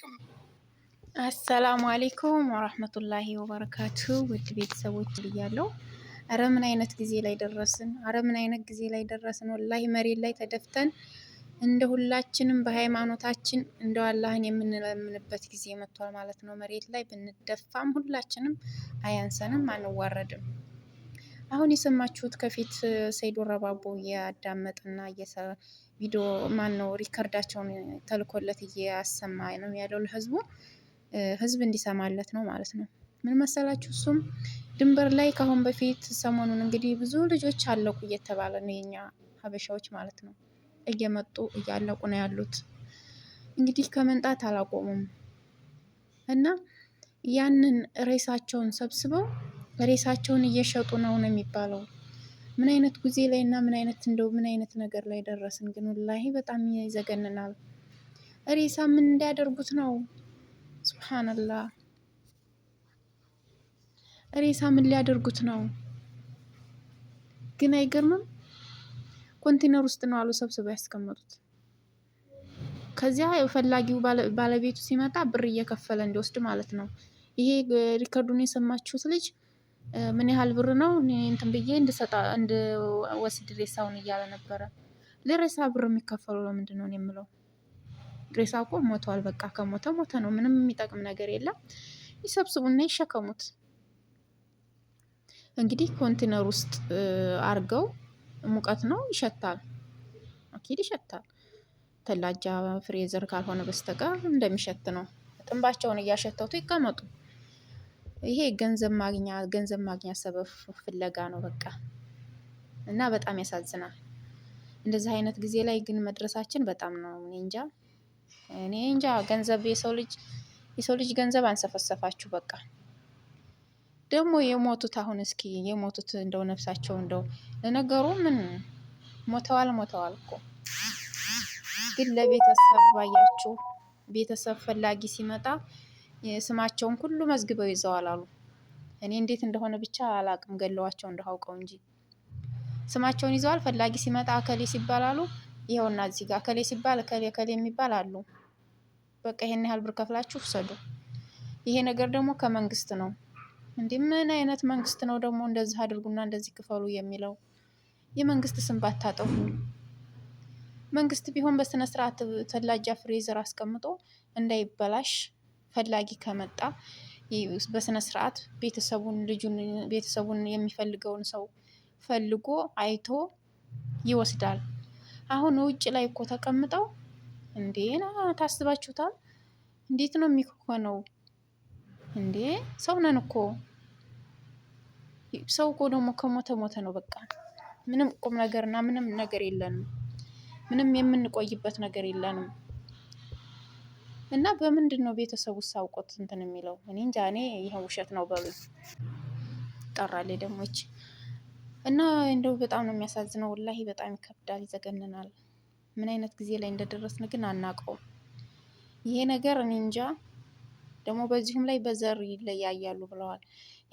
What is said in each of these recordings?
አያውቅም። አሰላሙ አሌይኩም ወራህመቱላሂ ወበረካቱ ውድ ቤተሰቦች ብያለሁ። አረ ምን አይነት ጊዜ ላይ ደረስን? አረ ምን አይነት ጊዜ ላይ ደረስን? ወላሂ መሬት ላይ ተደፍተን እንደ ሁላችንም በሃይማኖታችን እንደ አላህን የምንለምንበት ጊዜ መጥቷል ማለት ነው። መሬት ላይ ብንደፋም ሁላችንም አያንሰንም፣ አንዋረድም። አሁን የሰማችሁት ከፊት ሰይዶ ረባቦ እያዳመጥና ቪዲዮ ማን ነው ሪከርዳቸውን ተልኮለት እያሰማ ነው ያለው ለህዝቡ ህዝብ እንዲሰማለት ነው ማለት ነው። ምን መሰላችሁ? እሱም ድንበር ላይ ከአሁን በፊት ሰሞኑን እንግዲህ ብዙ ልጆች አለቁ እየተባለ ነው የኛ ሀበሻዎች ማለት ነው። እየመጡ እያለቁ ነው ያሉት እንግዲህ ከመንጣት አላቆሙም እና ያንን ሬሳቸውን ሰብስበው ሬሳቸውን እየሸጡ ነው ነው የሚባለው። ምን አይነት ጊዜ ላይ እና ምን አይነት እንደው ምን አይነት ነገር ላይ ደረስን ግን ወላሂ በጣም ይዘገንናል። ሬሳ ምን እንዲያደርጉት ነው? ሱብሃነላህ ሬሳ ምን ሊያደርጉት ነው? ግን አይገርምም? ኮንቴነር ውስጥ ነው አሉ ሰብስበው ያስቀመጡት። ከዚያ ፈላጊው ባለቤቱ ሲመጣ ብር እየከፈለ እንዲወስድ ማለት ነው። ይሄ ሪከርዱን የሰማችሁት ልጅ ምን ያህል ብር ነው እንትን ብዬ እንድሰጣ እንድወስድ ሬሳውን እያለ ነበረ። ለሬሳ ብር የሚከፈሉ ለምንድን ነው የምለው? ሬሳ እኮ ሞተዋል። በቃ ከሞተ ሞተ ነው። ምንም የሚጠቅም ነገር የለም። ይሰብስቡና ይሸከሙት። እንግዲህ ኮንቴነር ውስጥ አርገው ሙቀት ነው፣ ይሸታል። አኪድ ይሸታል። ተላጃ ፍሬዘር ካልሆነ በስተቀር እንደሚሸት ነው። ጥንባቸውን እያሸተቱ ይቀመጡ። ይሄ ገንዘብ ማግኛ ገንዘብ ማግኛ ሰበብ ፍለጋ ነው በቃ እና በጣም ያሳዝናል። እንደዚህ አይነት ጊዜ ላይ ግን መድረሳችን በጣም ነው እኔ እንጃ እኔ እንጃ። ገንዘብ የሰው ልጅ የሰው ልጅ ገንዘብ አንሰፈሰፋችሁ በቃ። ደግሞ የሞቱት አሁን እስኪ የሞቱት እንደው ነፍሳቸው እንደው ለነገሩ ምን ሞተዋል ሞተዋል እኮ ግን ለቤተሰብ ባያችሁ ቤተሰብ ፈላጊ ሲመጣ ስማቸውን ሁሉ መዝግበው ይዘዋል አሉ። እኔ እንዴት እንደሆነ ብቻ አላቅም፣ ገለዋቸው እንደሀውቀው እንጂ ስማቸውን ይዘዋል። ፈላጊ ሲመጣ እከሌ ሲባል አሉ። ይኸውና እዚህ ጋር እከሌ ሲባል እከሌ እከሌ የሚባል አሉ። በቃ ይሄን ያህል ብር ከፍላችሁ ውሰዱ። ይሄ ነገር ደግሞ ከመንግስት ነው። እንዲህ ምን አይነት መንግስት ነው ደግሞ እንደዚህ አድርጉና እንደዚህ ክፈሉ የሚለው? የመንግስት ስም ባታጠፉ። መንግስት ቢሆን በስነ ስርዓት ተላጃ ፍሬዘር አስቀምጦ እንዳይበላሽ ፈላጊ ከመጣ በስነ ስርዓት ቤተሰቡን ልጁን ቤተሰቡን የሚፈልገውን ሰው ፈልጎ አይቶ ይወስዳል። አሁን ውጭ ላይ እኮ ተቀምጠው እንዴ ታስባችሁታል? እንዴት ነው የሚሆነው? እንዴ ሰው ነን እኮ ሰው እኮ ደግሞ ከሞተ ሞተ ነው በቃ። ምንም ቁም ነገርና ምንም ነገር የለንም። ምንም የምንቆይበት ነገር የለንም። እና በምንድን ነው ቤተሰቡ ሳውቆት እንትን የሚለው? እኔ እንጃ። እኔ ይህን ውሸት ነው በሉ ጠራሌ ደሞች እና እንደው በጣም ነው የሚያሳዝነው። ወላሂ በጣም ይከብዳል፣ ይዘገንናል። ምን አይነት ጊዜ ላይ እንደደረስን ግን አናውቀውም። ይሄ ነገር እኔ እንጃ። ደግሞ በዚሁም ላይ በዘር ይለያያሉ ብለዋል።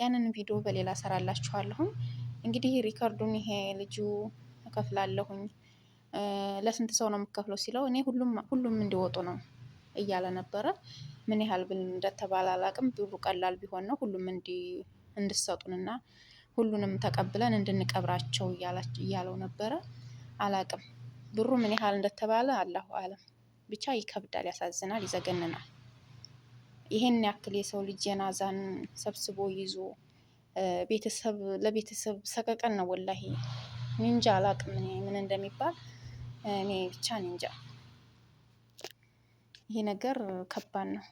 ያንን ቪዲዮ በሌላ ሰራላችኋለሁም። እንግዲህ ሪከርዱን ይሄ ልጁ እከፍላለሁኝ ለስንት ሰው ነው የምከፍለው ሲለው እኔ ሁሉም ሁሉም እንዲወጡ ነው እያለ ነበረ። ምን ያህል ብል እንደተባለ አላቅም። ብሩ ቀላል ቢሆን ነው ሁሉም እንዲ እንድሰጡንና ሁሉንም ተቀብለን እንድንቀብራቸው እያለው ነበረ። አላቅም ብሩ ምን ያህል እንደተባለ አላሁ አለም። ብቻ ይከብዳል፣ ያሳዝናል፣ ይዘገንናል። ይህን ያክል የሰው ልጅ ጀናዛን ሰብስቦ ይዞ ቤተሰብ ለቤተሰብ ሰቀቀን ነው ወላሂ። ኒንጃ እንጃ አላቅም ምን እንደሚባል እኔ ብቻ እኔ እንጃ። ይሄ ነገር ከባድ ነው።